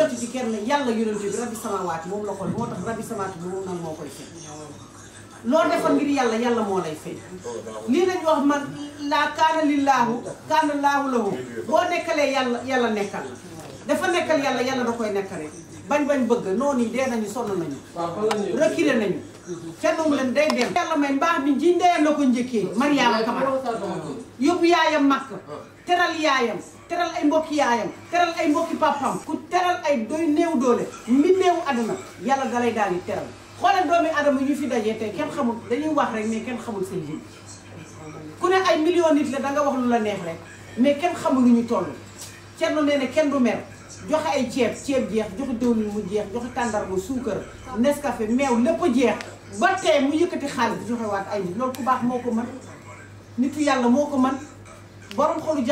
jot ci kenn yàlla yonent bi rabbi samawaati moom la xool moo tax rabbi samawaati bi moom nag moo koy fay loo defal ngir yàlla yàlla moo lay fay lii lañ wax man laa kaana lillaahu kaana laahu lahu boo nekkalee yàlla yàlla nekkal dafa nekkal yàlla yàlla da koy nekkal rek bañ bañ bëgg noonu yi dee nañu sonn nañu reculé nañu fennum leen day dem yàlla may mbaax bi ji ndeyam la ko njëkkee Mariama Kamara yóbbu yaayam Makka teral yaayam teral ay mbokki yaayam teral ay mbokki papam ku teral ay doy néew doole mi néew aduna yàlla da lay daal di teral xoolal doomi adama yu fi dajee tey kenn xamul dañuy wax rek mais kenn xamul seen lim ku ne ay million nit la da nga wax lu la neex rek mais kenn xamul lu ñu toll Thierno nee na kenn du mer joxe ay ceeb ceeb jeex joxe diwlin mu jeex joxe tàndarma suukar Nescafé meew lépp a jeex ba tey mu yëkkati xaalis joxe waat ay nit loolu ku baax moo ko mën nitu yàlla moo ko mën borom xolu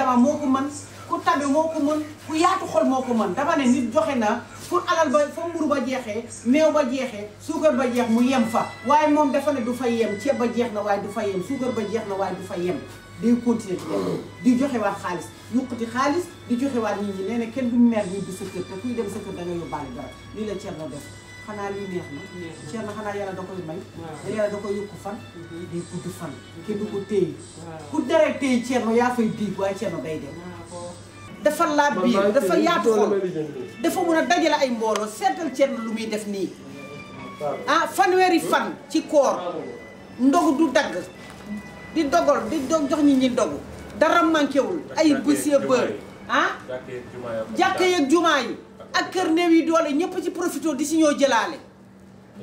ku tabe moo ko mën ku yaatu xol moo ko mën dama ne nit joxe na fu alal ba fa mburu ba jeexee meew ba jeexee suukar ba jeex mu yem fa waaye moom dafa ne du fa yem ceeb ba jeex na waaye du fa yem suukar ba jeex na waaye du fa yem day continuer di joxewaat waat xaalis yuqati xaalis di joxe waat nit ñi nee kenn du mer ñi di sa kër te kuy dem sa kër da nga yóbbaale dara lii la ceeb na def xanaa lii neex na. neex na Thierno xanaa yàlla da koy may. waaw yàlla da koy yokk fan. Mhm. Mhm. kenn ko téye. ku dara téye Thierno yaa fay diig waaye Thierno day dem. dafa laab dafa yaatu dafa mën a dajale ay mbooloo seetal Thierno lu muy def nii. ah fanweeri fan hmm? ci koor ndogu du dagg di dogal di dog jox ñi ñi ndogu dara manqué ay busier beurre ah jàkkee ak jumaa yi ak kër néew yi doole ñëpp ci profité di si ñoo jëlaale.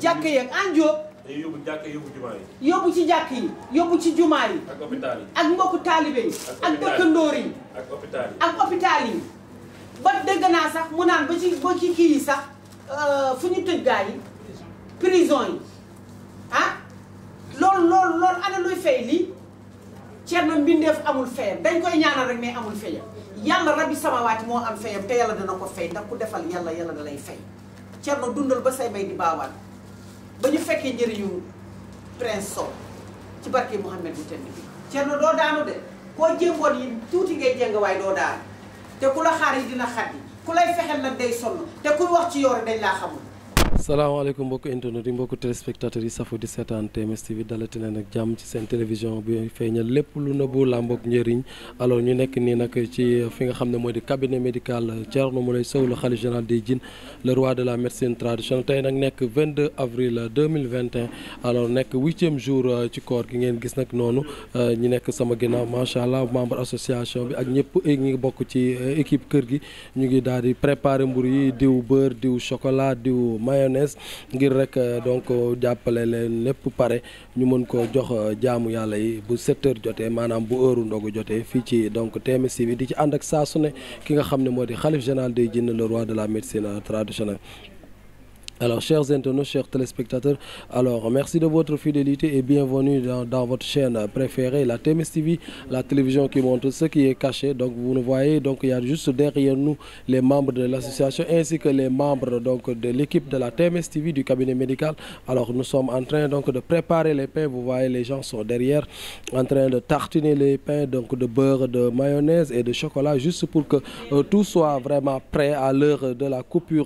jàkk yeeg en Jóob. jàkk yóbbu jumaa yóbbu ci jàkk yi yóbbu ci jumaa yi. ak hôpital yi ak mbokku yi. ak dëkkandóor yi ak hôpital yi ba dëgg naa sax mu naan ba ci ba ci kii yi sax euh, fu ñu tëj gaa yi prison yi ah loolu loolu loolu ana luy fay lii Thierno mbindeef amul fayam dañ koy ñaanal rek mais amul fayam. yàlla sama samawaati moo am fayam te yàlla dana ko fay ndax ku defal yàlla yàlla da lay fay Thierno dundal ba say may di baawaan ba ñu fekkee njëriñu prince Sow ci barke Mouhamed bu tedd bi Thierno doo daanu de koo jéngoon yi tuuti ngay jéng waaye doo daanu te ku la xaar yi dina xaddi ku lay fexeel nag day sonn te kuy wax ci yoore dañ laa xamul salaamaaleykum mbokk internet yi mbokku téléspectateurs yi safu di seetaan TMS TV dalati leen ak jàmm ci seen télévision bi feeñal lépp lu nëbbu làmboog njëriñ alors ñu nekk nii nag ci fi nga xam ne mooy di cabinet médical Thierno Moulé Sow le khalife général des djinns le roi de la médecine traditionnelle tey nag nekk 22 avril 2021 alors nekk huitième jour ci koor gi ngeen gis nag noonu euh, ñi nekk sama ginnaaw macha allah membre association bi ak ñëpp eh, ñi bokk ci euh, équipe kër gi ñu ngi daal di préparer mburu yi diw beurre diw chocolat diw mayonnaise jeunesse ngir rek euh, donc euh, jàppale leen lépp pare ñu mën ko jox euh, jaamu yàlla yi bu 7 jotee maanaam bu heure ndogu jotee fii ci donc TMS bi di ci ànd ak saa su ne ki nga xam ne moo di xalif général day jinn le roi de la médecine traditionnelle alors chers internautes chers téléspectateurs alors merci de votre fidélité et bienvenue dans, dans votre chaîne préférée la TMS la télévision qui montre ce qui est caché donc vous le voyez juste derrière nous les membres de l'association ainsi que les membres donc de l'équipe de la TMS du cabinet médical nous sommes en train de préparer les pains vous voyez les gens sont derrière de tartiner les pains donc de beurre de mayonnaise et de chocolat juste pour que euh, tout soit vraiment prêt à l'heure de la coupure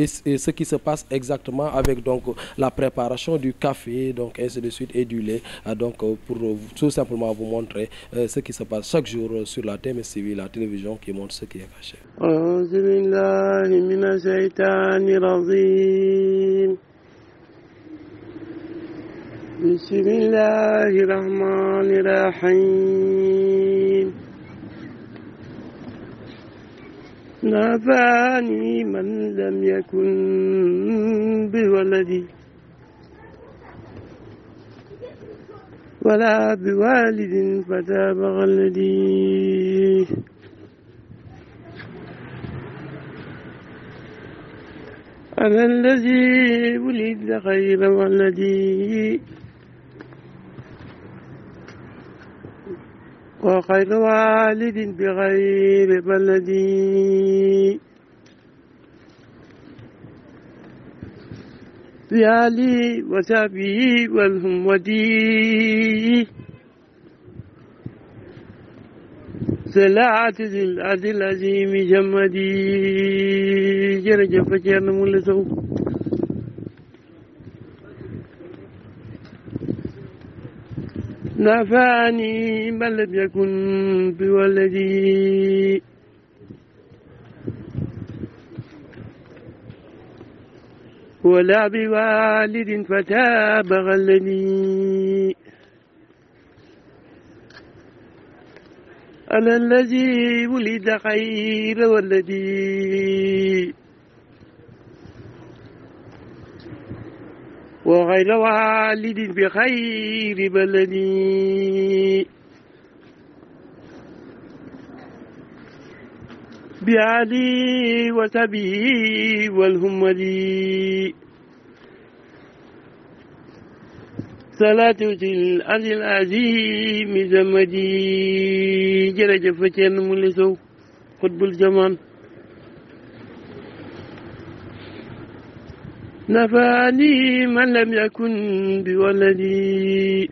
et, et ce qui se passe exactement avec donc la préparation du café donc ainsi de suite et lait ah, euh, pour euh, tout simplement vous montrer euh, ce qui se passe chaque jour euh, sur la TMS TV la télévision qui montre ce qui est caché. A'uuzu billahi mina shaytaani rajiim. Bismillahi rahmaani rahiim. نافاني من لم يكن بولدي ولا بوالد فتاب غلدي أنا الذي ولد خير ولدي وخير والد بغير بلدي بآله وصحبه والهمودي سلاعة ذي العدل العظيم جمدي جرجف جرنم لسوه نفعني من لم يكن بولدي ولا بوالد فتاب غلني أنا الذي ولد خير والذي وغير والد بخير بلدي بعلي وسبي والهمدي salaatu ci alil azim zamadi jërëjëf fa cenn mu li sow xutbul jamaan نفاني من لم يكن بولدي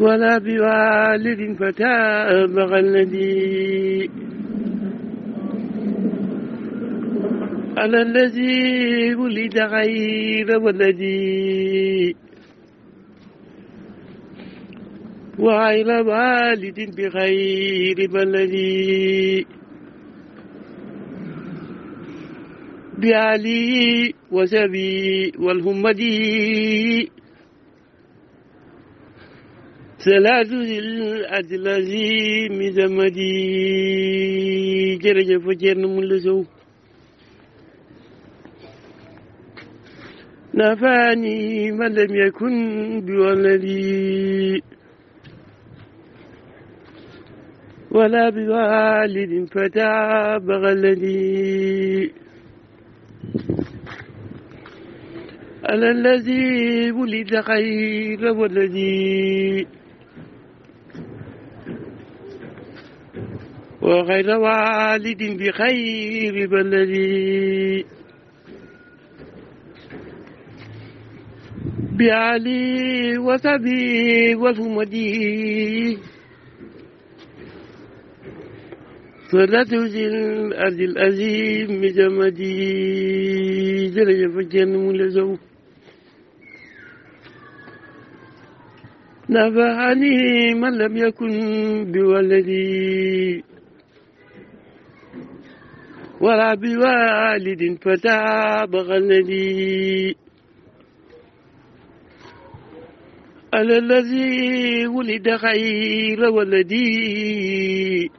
ولا بوالد فتاب الذي على الذي ولد غير ولدي وعلى والد بغير بلدي بها لي وسبي والهمدي salaatu adlazi mi damadi jërëjëf Thierno Moule Sow nafaani man lam yakun bi waladi wala bi walidin fata bagaladi أنا الذي ولد غير ولدي وغير والد بخير بلدي بعلي وسبي والهمدي فلا توزي الأرض الأزيم بجمدي جرى يفجن مولزو نفى عنه من لم يكن بولدي ولا بوالد فتاب غلدي على الذي ولد خير ولدي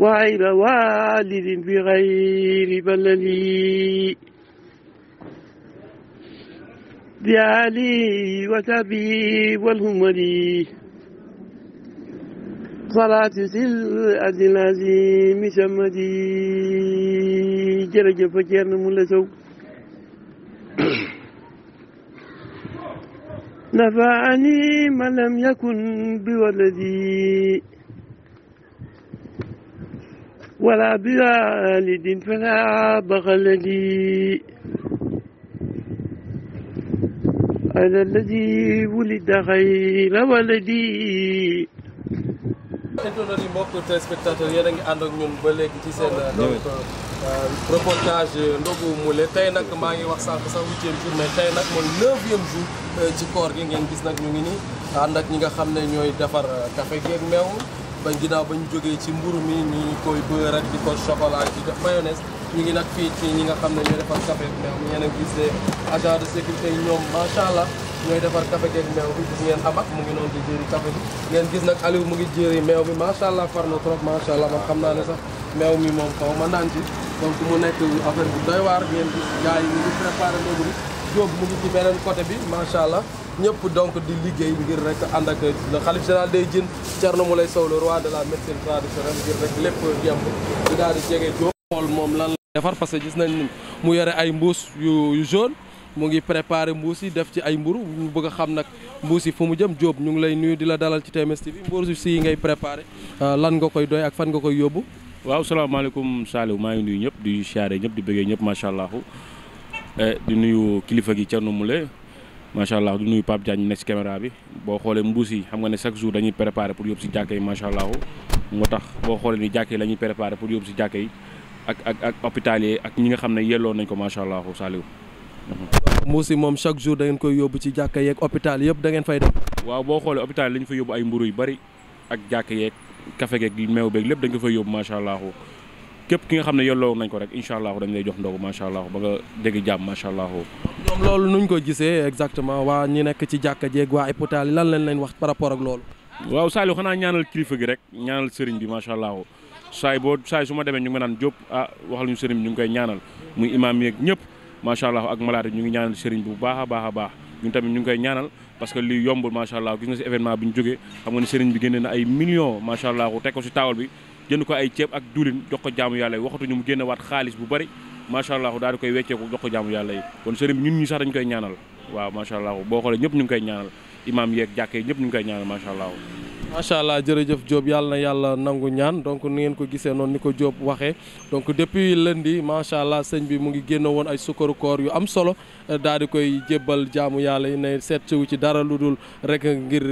وغير والد بغير بلدي بآله وسبه والهملي صلاة الأرض العظيم سمدي jërëjëf Thierno Moule Sow نفعني ما لم يكن بولدي ولا بوالد فلا بخل لي أنا الذي ولد غير ولدي internet yi mbokk téléspectateur yéen a ngi ànd ak ñun ba léegi ci seen euh, donc euh, reportage euh, ndogu tey nag maa ngi wax sànq sax huitième jour mais tey nag mooy neuvième jour ci koor gi ngeen gis nag ñu ngi nii ànd ak ñi nga xam ne ñooy defar café geeg meew ba ginnaaw ba ñu jógee ci mburu mi ñi koy beurre ak di ko chocolat mayonnaise ñu ngi nag fii ci ñi nga xam ne ñooy defar café ak meew ngeen gis agent de sécurité yi allah ñooy defar café geeg meew bi ngeen abak mu ngi noonu di jéeri café bi ngeen gis nag Aliou mu ngi jéeri meew bi macha allah far na trop macha allah man xam naa ne sax meew mi moom xaw ma naan ci donc mu nekk affaire bu doy waar ngeen gis gars ngi préparé léegi bi Jóob mu ngi ci beneen côté bi macha allah ñëpp donc di liggéey ngir rek ànd ak le xalif général day jën Thierno Moulay Sow le roi de la médecine traditionnelle ngir rek lépp defar parce que gis nañ mu yore ay mbuus yu yu jaune mu ngi préparé mbuus yi def ci ay mburu ñu bëgg a xam nag mbuus yi fu mu jëm Diop ñu ngi lay nuyu di la dalal ci temest TV mbuus si yi ngay préparé euh, lan nga koy doy ak fan nga koy yóbbu. waaw salaamaaleykum Saliou maa ngi nuyu ñëpp di siyaare ñëpp di bëggee ñëpp macha allah eh, di nuyu kilifa gi Thierno Moule macha allah di nuyu Pape Diagne nekk ci caméra bi boo xoolee mbuus yi xam nga ne chaque jour dañuy préparé pour yóbbu ci jàkka yi macha allah moo tax boo xoolee ni jàkka la ñuy préparé pour yóbbu si jàkka yi. ak ak ak hôpital yi ak ñi nga xam ne yelloo nañ ko macha allah Saliou. Moussi moom chaque jour da ngeen koy yóbbu ci jàkka yeeg hôpital yëpp da ngeen fay dem. waaw boo xoolee hôpital yi dañu fa yóbbu ay mburu yu bari ak jàkka yeeg café geeg meew beeg lépp dañ ko fay yóbbu macha allah képp ki nga xam ne yelloo nañ ko rek incha allah dañ lay jox ndogu macha allah ba nga dégg jàmm macha allah. ñoom loolu nuñ ko gisee waa ñi nekk ci jàkka jeeg waa hôpital yi lan lañ leen wax par rapport ak loolu. waaw Saliou xanaa ñaanal kilifa gi rek ñaanal sëriñ bi macha allah saay boo saay su ma demee ñu ngi naan Diop ah waxal ñu ngi koy ñaanal muy imaam yeeg ñëpp macha allah ak malaat ñu ngi ñaanal sëriñ bu baax a baax a baax ñun tamit ñu ngi koy ñaanal parce que lii yombul macha allah gis nga si événement bi ñu jógee xam nga ne sëriñ bi génne na ay ko si taawal bi jënd ko ay ceeb ak duulin jox ko jaamu yàlla yi waxatuñu mu génne waat xaalis bu bari macha allah daal di koy wecceeku jox ko jaamu yàlla yi kon sëriñ bi ñun ñu sax dañu koy ñaanal waaw macha allah boo xoolee ñëpp ñu ngi koy ñaanal imaam yeeg jàkkee ñëpp ñu ngi koy ñaanal macha macha allah jërëjëf Diop yàlla yàlla nangu ñaan donc ni ngeen ko gisee noonu ni ko jóob waxee donc depuis lundi macha allah sëñ bi mu ngi génn woon ay sukkaru koor yu am solo daal di koy jébbal jaamu yàlla yi ne seet wu ci dara lu dul rek ngir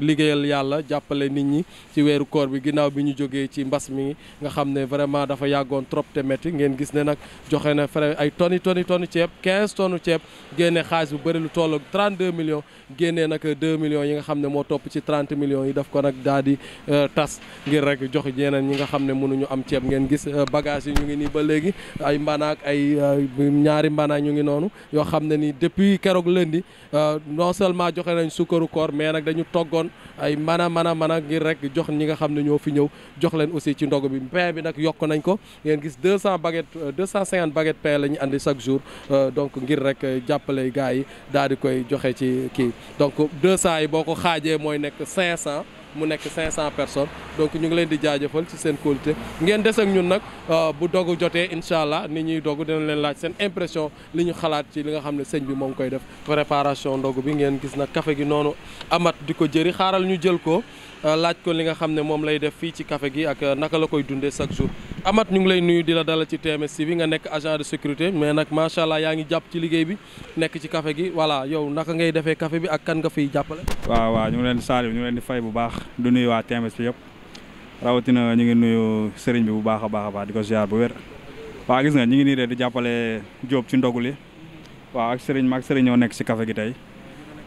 liggéeyal yàlla jàppale nit ñi ci weeru koor bi ginnaaw bi ñu jógee ci mbas mi nga xam ne vraiment dafa yàggoon trop te métti ngeen gis ne nag joxe na frais ay toni toni toni ceeb 15 tonnes ceeb génne xaalis bu bëri lu toll 32 millions génnee nag 2 millions yi nga xam ne moo topp ci 30 millions yi daf ko nag daadi di euh, tas ngir rek jox ñeneen ñi nga xam ne mënuñu am ceeb ngeen gis euh, bagage yi ñu ngi nii ba léegi ay mbanaak ak ay euh, ñaari mbanaa ñu ngi noonu yoo xam ne nii depuis keroog lundi non seulement joxe nañ sukkaru koor mais nag dañu toggoon ay mana mana mana ngir rek jox ñi nga xam ne ñoo fi ñëw jox leen aussi ci ndogu bi pain bi nag yokk nañ ko ngeen gis 200 baguettes 250 baguettes pain la ñu indi chaque jour donc ngir rek jàppale gars yi daal di koy joxe ci kii donc 200 yi boo ko xaajee mooy nekk 500. mu nekk 500 personnes donc ñu ngi leen di jaajëfal ci seen colté ngeen des ak ñun nag euh, bu dogu jotee incha allah ni ñuy dogu dina leen laaj seen impression li ñu xalaat ci li nga xam ne sëñ bi moo ngi koy def préparation ndogu bi ngeen gis nag kafe gi noonu amat di ko jëri xaaral ñu jël ko Euh, laaj ko li nga xam ne moom lay def fii ci kafe gi ak euh, naka la koy dundee chaque jour amat ñu ngi lay nuyu di la dalal ci TMS bi nga nekk agent de sécurité mais nag macha allah yaa ngi jàpp ci liggéey bi nekk ci kafe gi voilà yow naka ngay defee bi ak kan fiy jàppale. waaw waaw ñu leen di Saliou ñu ngi leen fay bu baax du nuyu waa TMS yëpp rawatina ñu ngi nuyu sëriñ bi bu baax a baax a di ko ziar bu wér. waaw gis nga ñu ngi nii de di jàppale Diop ci ndoguli waaw ak sëriñ maag sëriñ ñoo nekk si kafe gi tey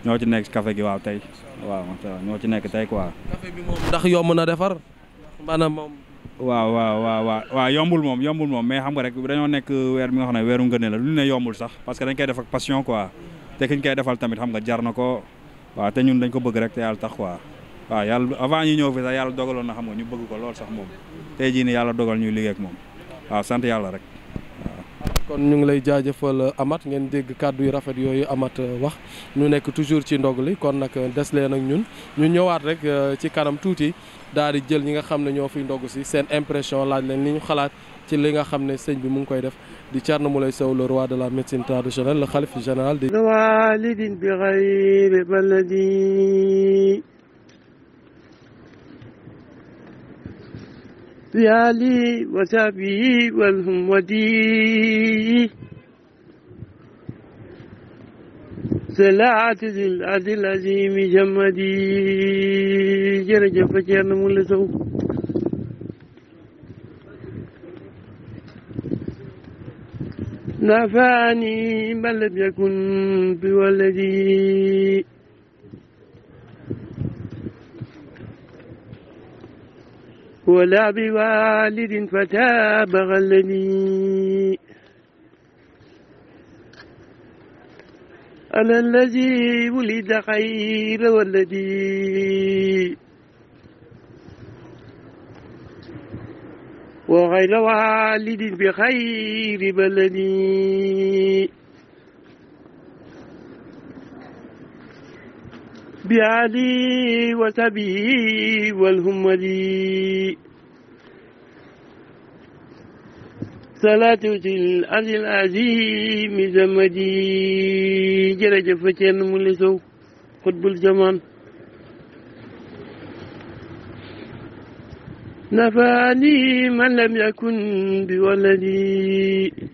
ñoo ci nekk si café gi waaw tey waaw waaw ñoo ci nekk tey quoi. café bi moom ndax yomb na defar maanaam moom. waaw waaw waa waaw waaw moom yombul moom mais xam nga rek dañoo nekk weer bi nga xam ne weeru ngëne la lu ne yombul sax parce que dañ koy def ak passion quoi te kiñ koy defal tamit xam nga jar na ko waaw te ñun dañ ko bëgg rek te yàlla tax quoi waaw yàlla avant ñu ñëw fi sax yàlla dogaloon na xam nga ñu bëgg ko lool sax moom te jii ni yàlla dogal ñu liggéey ak moom waaw sant yàlla rek kon ñu ngi lay jaajëfal Amath ngeen dégg kàddu yu rafet yooyu Amath euh, wax ñu nekk toujours ci ndog li kon nag euh, des leen ak ñun ñu ñëwaat rek euh, ci kanam tuuti daal di jël ñi nga xam ne ñoo fiy ndog si seen impression laaj leen ni ñu xalaat ci li nga xam ne sëñ bi mu ngi koy def di car Thierno Moulé Sow le roi de la médecine traditionnelle le khalife général di walidin bi ghaib baladi بآله وصحبه والهمدي salaat dil adil azim jamadi jërëjëf Thierno Moule Sow nafaani man lam yakun bi waladi ولا بوالد فتاب غلني أنا الذي ولد خير والذي وغير والد بخير بلدي بعادي وسبي والهمدي salaatu til alil azim zamadi jërëjëf Thierno Moule Sow xutbul jamaan nafaani man lam yakun bi waladi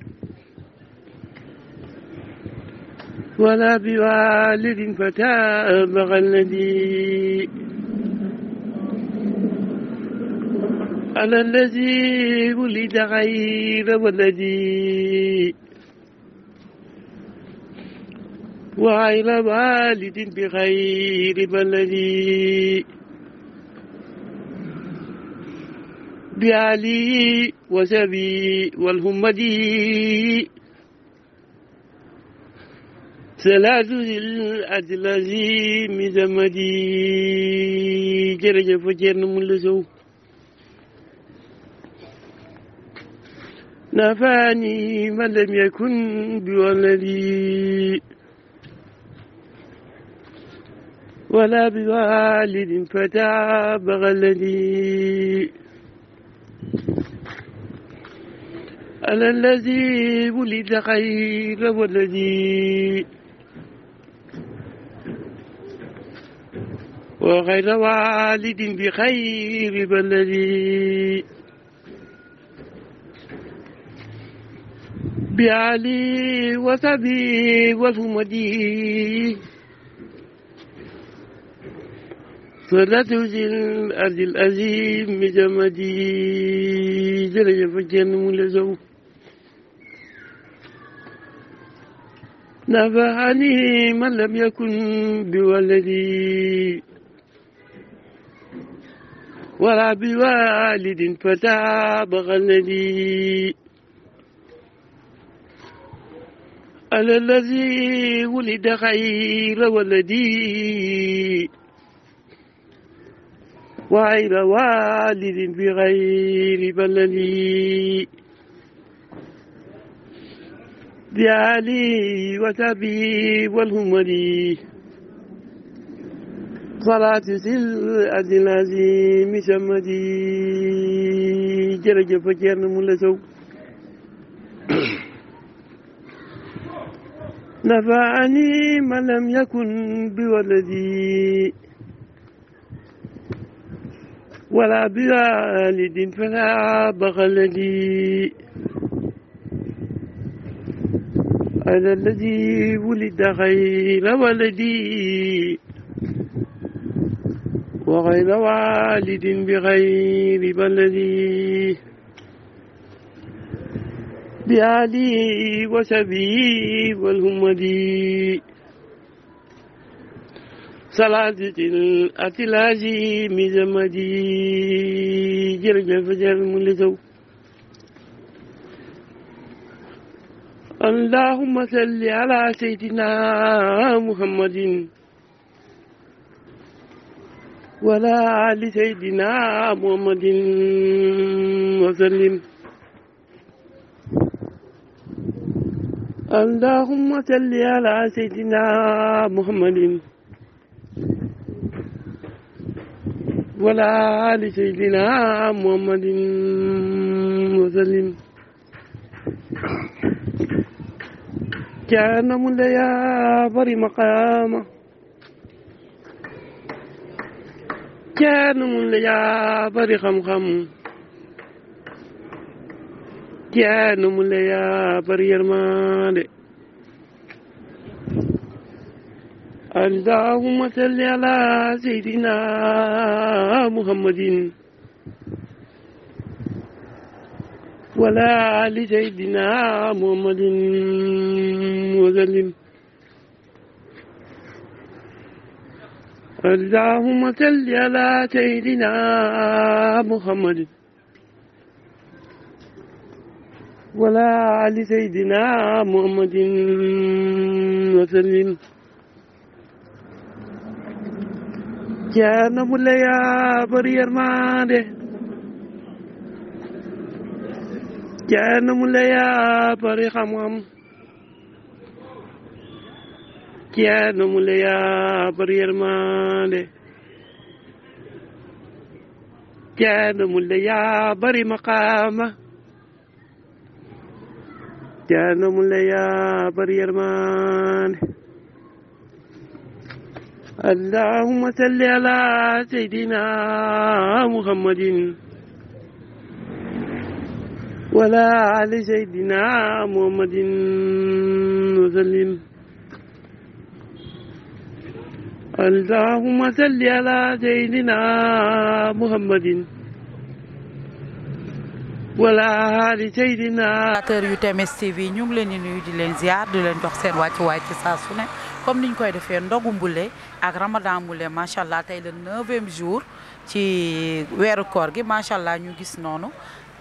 ولا بوالد فتاب الذي على الذي ولد غير والذي وعلى والد بغير والذي بعلي وسبي والهمدي salaatu lil adlazi mi damadi jërëjëf fa Ceerno Mulla Sow nafaani man lam yakun bi wala bi walidin fata bagaladi ala allazi wulida xayra waladi وغير والد بخير بلدي بعلي وسبي وسمدي صرت ذي الأرض الأزيم جمدي درجة فجن ملزو نبهني من لم يكن بولدي ولا بوالد فتابغ الذي على الذي ولد خير ولدي وغير والد بغير بلدي بعلي وتبي والهملي salaati sil adil azim samadi jërëjëf Thierno Moule Sow nafaani ma lam yakun bi waladi wala bi walidin fala baxaladi ala alladi wulida xayra waladi وغير والد بغير بلدي بآلي وسبي والهمدي صلاة الأتلاجي مزمدي جرجة فجر ملتو اللهم صل على سيدنا محمد ولا آل سيدنا محمد وسلم اللهم صل على سيدنا محمد ولا آل سيدنا محمد وسلم كان مليا بري مقامه kenn mun la yaa bari xam-xam kenn mun la yaa bari yërmande allahumma salli ala sayyidina muhammadin wala ali sayyidina muhammadin wa sallim اللهم صل على سيدنا محمد ولا آل سيدنا محمد وسلم جانا مولايا بري ارمانه جانا مولايا بري خمام ceerno mu le yaa bari yërmande ceerno mu le yaa bari maqaama ceerno mu le yaa bari yërmande allahumma salli ala sayyidina muhammadin wa ala ali sayyidina muhammadin wa sallim اللهم صل على سيدنا محمد voilà li tey dina. yu TMS TV ñu ngi leen di nuyu di leen ziar di leen jox seen wàccuwaay ci saa su ne comme niñ koy defee ndogu mbule ak ramadan mbule macha allah tey le neuvième jour ci weeru koor gi macha allah ñu gis noonu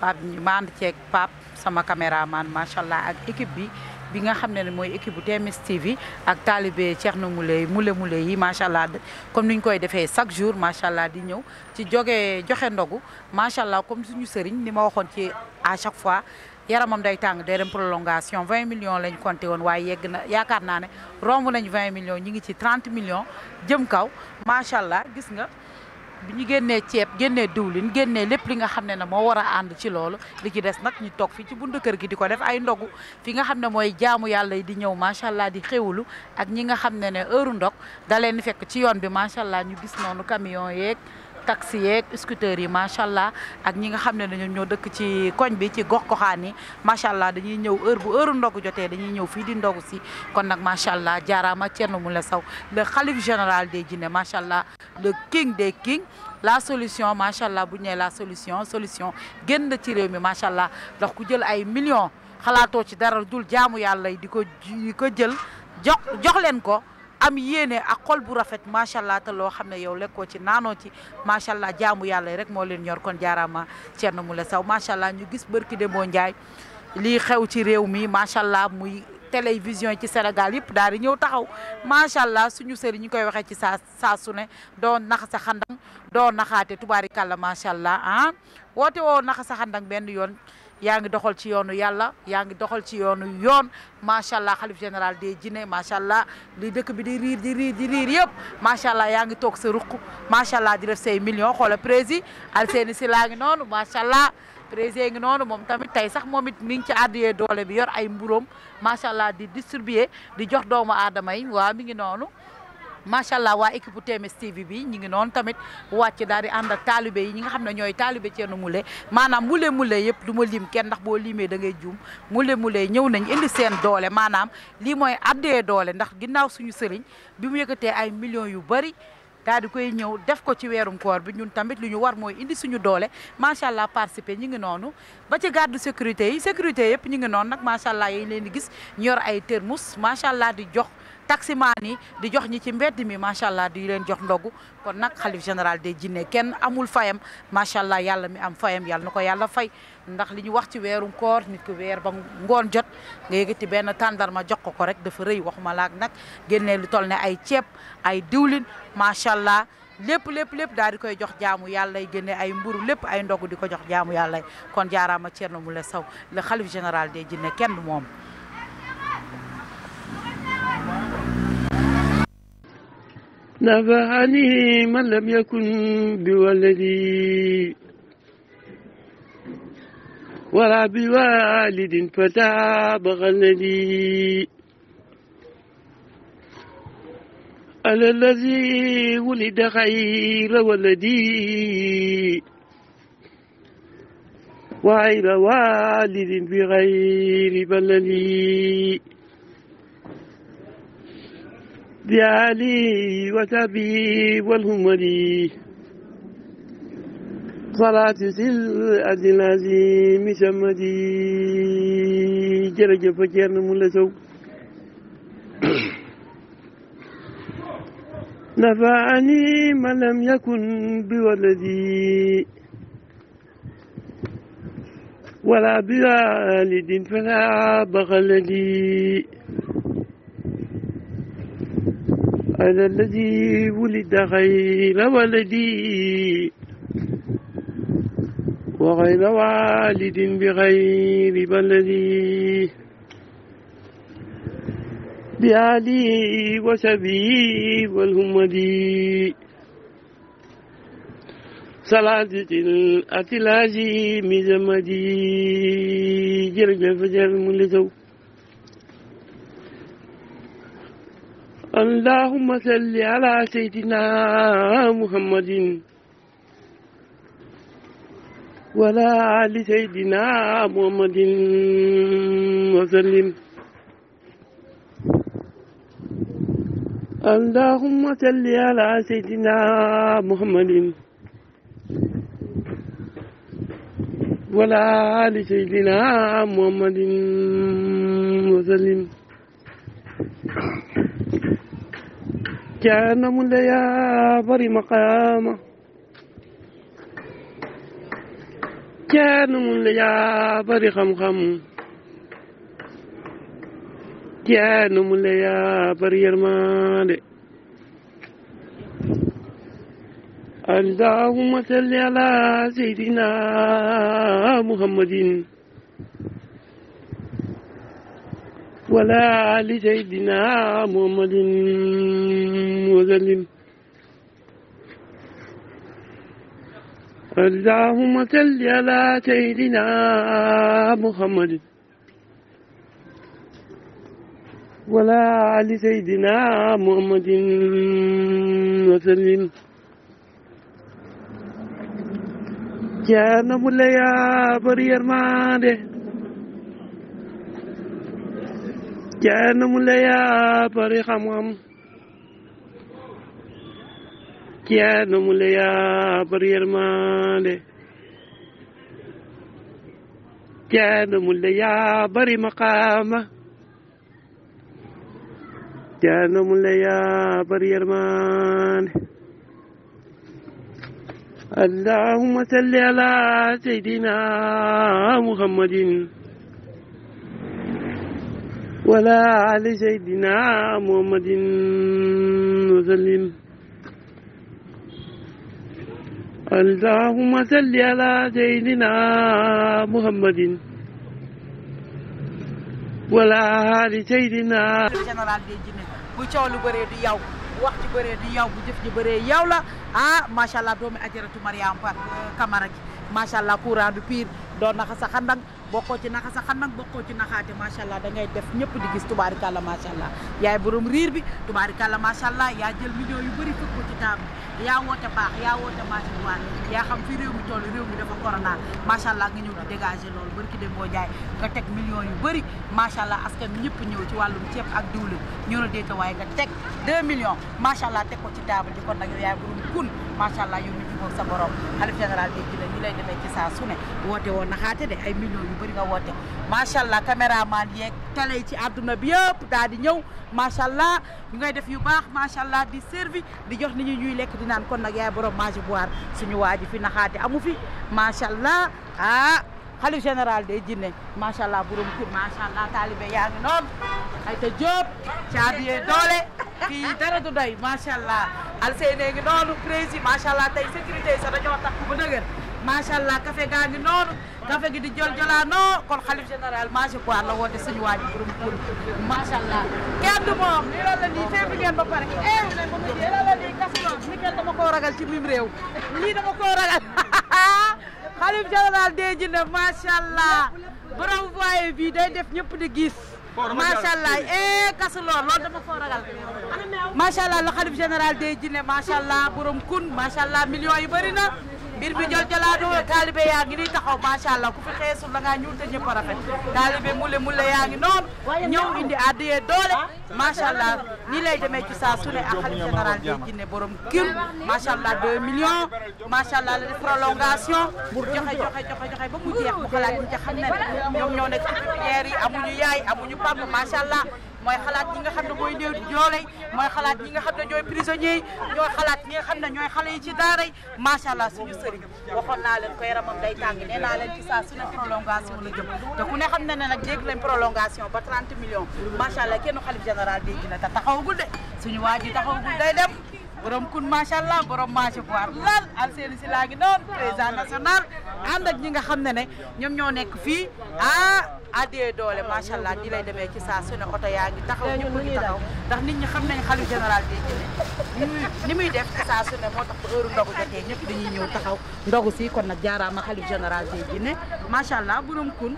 Pape ñu ànd ceeg Pape sama caméraman macha allah ak équipe bi. bi nga xam ne ne mooy équipe bu TMS TV ak taalibe Thierno Moulé Moulé Moulé yi macha allah comme nu ñu koy defee chaque jour macha allah di ñëw ci joge joxe ndogu macha allah comme suñu sëriñ ni ma waxoon ci à chaque fois yaramam day tàng day dem prolongation vingt million lañ compté woon waaye yegg na yaakaar naa ne romb nañ vingt millions ñi ngi ci trente million jëm kaw macha allah gis nga. bi ñu génnee ceeb génnee diwlin génnee lépp li nga xam ne ne moo war a ànd ci loolu li ci des nag ñu toog fii ci buntu kër gi di ko def ay ndogu fi nga xam ne mooy jaamu yàlla yi di ñëw macha allah di xewlu ak ñi nga xam ne ne heure ndog da leen fekk ci yoon bi macha allah ñu gis noonu camion yeeg taxi yeeg scooter yi macha allah ak ñi nga xam ne dañoo ñoo dëkk ci koñ bi ci gox goxaan ni macha allah dañuy ñëw heure bu heure ndogu jotee dañuy ñëw fii di ndogu si kon nag macha allah jaaraama Thierno Moule saw le khalife général des djinns macha allah le king des kings la solution macha allah bu ñu la solution solution génn ci réew mi macha allah ndax ku jël ay million xalaatoo ci dara dul jaamu yàlla yi di ko ko jël jox jox leen ko. am yéene ak xol bu rafet macha allah te loo xam ne yow lekkoo ci naanoo ci macha allah jaamu yàlla rek moo leen ñor kon jaaraama Thierno Moule Sow macha allah ñu gis barki Demba Ndiaye lii xew ci réew mi macha allah muy télévision ci Sénégal yëpp daal di ñëw taxaw macha allah suñu sëriñ ñu koy waxee ci saa saa su ne doo nax sa xandang doo naxaate tubaarikàlla macha allah ah woote woo nax sa xandang benn yoon. yaa ngi doxal ci yoonu yàlla yaa ngi doxal ci yoonu yoon macha allah xalif général des jinne macha allah dëkk bi di riir di riir di riir yëpp macha allah yaa ngi toog sa ruq macha allah di def sey millions xoola prési Alseyni si laa ngi noonu macha allah président ngi noonu moom tamit tey sax moom it mi ngi ci àddiyee doole bi yor ay mburóom macha allah di distribuer di jox doomu aadama yi waaw mi ngi noonu macha allah waa équipe bu TMS TV bi ñu ngi noonu tamit wàcc daal di ànd ak taalibe yi ñi nga xam ne ñooy taalibe Thierno mule maanaam mule mule yëpp du ma lim kenn ndax boo limee dangay ngay juum mule mule ñëw nañ indi seen doole maanaam lii mooy addee doole ndax ginnaaw suñu sëriñ bi mu yëkkatee ay millions yu bari daal di koy ñëw def ko ci weerum koor bi ñun tamit lu ñu war mooy indi suñu doole macha allah participer ñu ngi noonu ba ci garde sécurité yi sécurité yëpp ñu ngi noonu nag macha allah yi leen gis ñu ay termus macha allah di jox. taximaan yi di jox ñi ci mbedd mi macha allah di leen jox ndogu kon nag xalif général des jinne kenn amul fayam macha allah yàlla mi am fayam yàlla na ko yàlla fay ndax li ñu wax ci weeru koor nit ko weer ba ngoon jot nga yëgati benn ma jox ko ko rek dafa rëy waxuma laak nag génnee lu toll ne ay ceeb ay diwlin macha allah lépp lépp lépp daal di koy jox jaamu yàlla yi génne ay mburu lépp ay ndogu di ko jox jaamu yàlla yi kon jaaraama Thierno Moule Sow le xalif général des jinne kenn moom نبعني من لم يكن بولدي ولا بوالد فتاب غلدي على الذي ولد خير ولدي وغير والد بغير بلدي بآلي وتبي والهمري صلاة سلعة العظيم شمدي jërëjëf Thierno Moule Sow نفعني ما لم يكن بولدي ولا بوالد فلا بخل لي أنا الذي ولد غير ولدي وغير والد بغير بلدي بآلي وسبي والهمدي salaati atilaaji mi zamadi jërëjëf jërëjëf mu li taw اللهم صل على سيدنا محمد ولا آل سيدنا محمد وسلم اللهم صل على سيدنا محمد ولا آل سيدنا محمد وسلم jaanamu de yaa bari maqaama jaanamu de yaa bari xam-xam jaanamu de yaa bari yërmande allahumma salli ala sayyidina muhammadin ولا آل سيدنا محمد وسلم اللهم صل على سيدنا محمد ولا آل سيدنا محمد وسلم يا نبي يا برير ماده jaay na mu la yaa bari xam-xam jaay na mu la yaa bari yërmande jaay na mu la yaa bari maqaama jaay na mu la yaa bari yërmande allahumma salli ala sayyidina muhammadin ولا على سيدنا محمد وسلم اللهم صل على سيدنا محمد ولا bu coow lu bëree yow bu wax ci bëree bu jëf ji bëree yow la ah macha doomi ajaratu Mariama Camara ji macha allah doon naxa sa xandang bokkoo ci naxa sax xam nag bokkoo ci naxaate macha allah dangay def ñëpp di gis tubaarikàlla macha allah yaay borom riir bi la macha allah yaa jël millions yu bëri fëkk ko ci table yaa woote baax yaa woote macha allah yaa xam fi réew mi toll réew mi dafa corona macha allah nga ñëw di dégager loolu bari ki dem boo jaay nga teg millions yu bëri macha allah askan ñëpp ñëw ci wàllum ceeb ak diwlin ñoo la waaye nga teg 2 million macha allah teg ko ci table di kon nag yow jëflanteekoo sa borom xalif général bi ci la ñi lay demee ci saa su ne woote woon naxaate de ay millions yu bëri nga woote macha allah caméraman yeeg télé ci àdduna bi yëpp daal di ñëw macha allah ñu ngay def yu baax macha allah di servi di jox nit ñu ñuy lekk di naan kon nag yaay borom magi boire suñu waa ji fi naxaate amu fi macha allah ah. xalif général day jinne macha allah borom kër macha allah taalibe yaa ngi noonu ay ta Diop caabi doole fii dara du doy macha allah ngi noonu prési macha allah tey sécurité sa dañoo tax bu dëgër gaa ngi noonu café gi di jol jolaanoo kon xalif général marché quoi la woote suñu waa ji borom kër ba pare eew ne ko mujjee la lii kas noon ni dama koo ragal ci mim réew lii dama koo ragal xalif général dey ji na macha allah borom voie bi day def ñëpp di gis. macha allah eh kasulor loolu dama foo général dey ji ne borom kun macha allah millions yi bëri na. mbir bi jël jëlaatu taalibe yaa ngi nii taxaw macha allah ku fi xeesul da ngaa te ñëpp a rafet mule mule yaa ngi noonu ñëw indi addiyee doole macha allah nii lay demee ci saa su ne ak xalif général bi jinne borom kim macha allah 2 millions allah la prolongation pour joxe joxe joxe joxe ba mu jeex mu xalaat ñu ca xam ne ñoom ñoo nekk ci pépinière yi amuñu yaay amuñu papa macha allah mooy xalaat ñi nga xam ne mooy néew di joole mooy xalaat ñi nga xam ne ñooy prisonniers yi ñooy xalaat ñi nga xam ne ñooy xale yi ci daara yi macha allah suñu sëriñ waxoon naa leen ko yaramam day tàng nee naa leen ci saa su ne prolongation la jëm te ku ne xam ne ne nag dégg lañ prolongation ba 30 millions macha allah kenn xalif général dégg na te taxawagul de suñu waa ji taxawagul day dem borom kun macha allah borom marché foire lal Alseyni si laa ngi noonu président national ànd ak ñi nga xam ne ne ñoom ñoo nekk fii ah addee doole macha allah di lay demee ci saa su ne oto yaa ngi taxaw ñëpp ngi taxaw ndax nit ñi xam nañ xalif général bi ni muy def ci saa su moo tax ba heure ndogu jotee ñëpp dañuy ñëw taxaw ndogu si kon nag jaaraama xalif général bi ne macha allah borom kun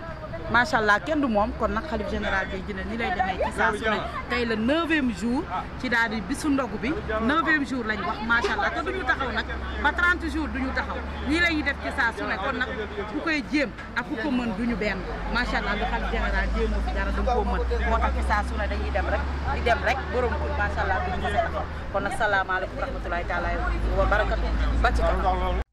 macha allah kenn du moom kon nag xalif général bi dina ni lay demee ci saa su ne tey la neuvième jour ci daal bisu ndogu bi neuvième jour lañ wax macha allah te duñu taxaw nag ba 30 jours duñu taxaw nii la ñuy def ci saa su ne kon nag ku koy jéem ak ku ko mën duñu benn macha allah nga xalif général jéemoo fi dara duñ koo mën moo tax ci saa su ne dañuy dem rek di dem rek borom ko macha allah duñu mën a taxaw kon nag salaamaaleykum rahmatulahi taala wa barakatu ba ci